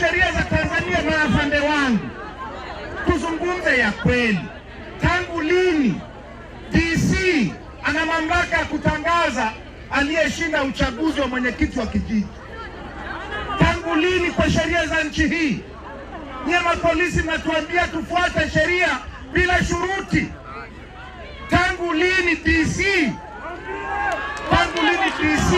sheria za Tanzania, afande wangu, tuzungumze ya kweli. Tangu lini DC ana mamlaka ya kutangaza aliyeshinda uchaguzi wa mwenyekiti wa kijiji? Tangu lini kwa sheria za nchi hii? Nyie mapolisi mnatuambia tufuate sheria bila shuruti. Tangu lini DC? Tangu lini DC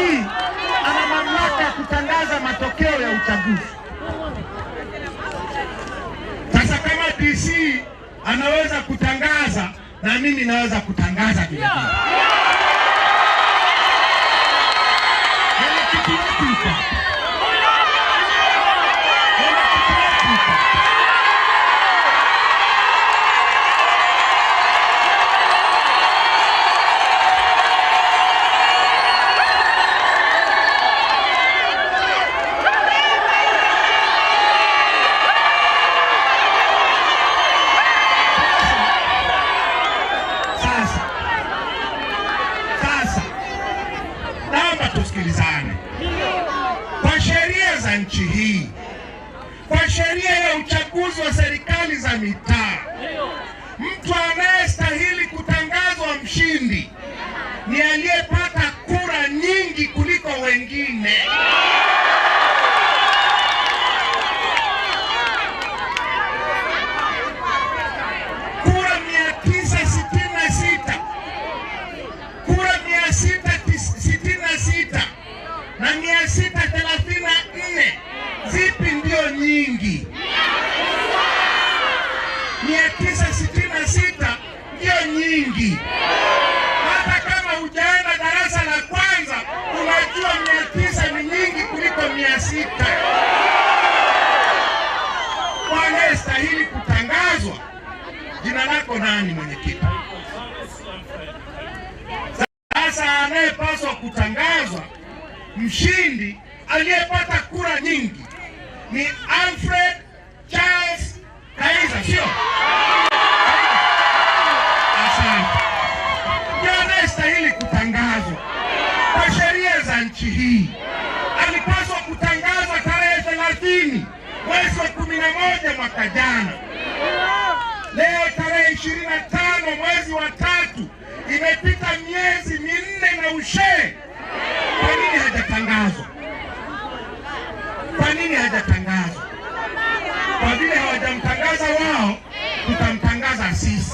anaweza kutangaza na mimi naweza kutangaza vile vile. Yaani tusikilizane. Kwa sheria za nchi hii, kwa sheria ya uchaguzi wa serikali za mitaa, mtu anayestahili kutangazwa mshindi ni aliyepata kura nyingi kuliko wengine. nyingi. Mia tisa sitini na sita ndio nyingi. Hata kama hujaenda darasa la kwanza, unajua mia tisa ni nyingi kuliko mia sita. Wanayestahili kutangazwa, jina lako nani, mwenyekiti? Sasa anayepaswa kutangazwa mshindi aliyepata kura nyingi ni Alfred Charles Kaisa, sio? anayestahili kutangazwa kwa sheria za nchi hii. Alipaswa kutangazwa tarehe thelathini mwezi wa kumi na moja mwaka jana. Leo tarehe ishirini na tano mwezi wa tatu, imepita miezi minne na ushee hawatamtangazwa. Kwa vile hawajamtangaza wao, tutamtangaza sisi.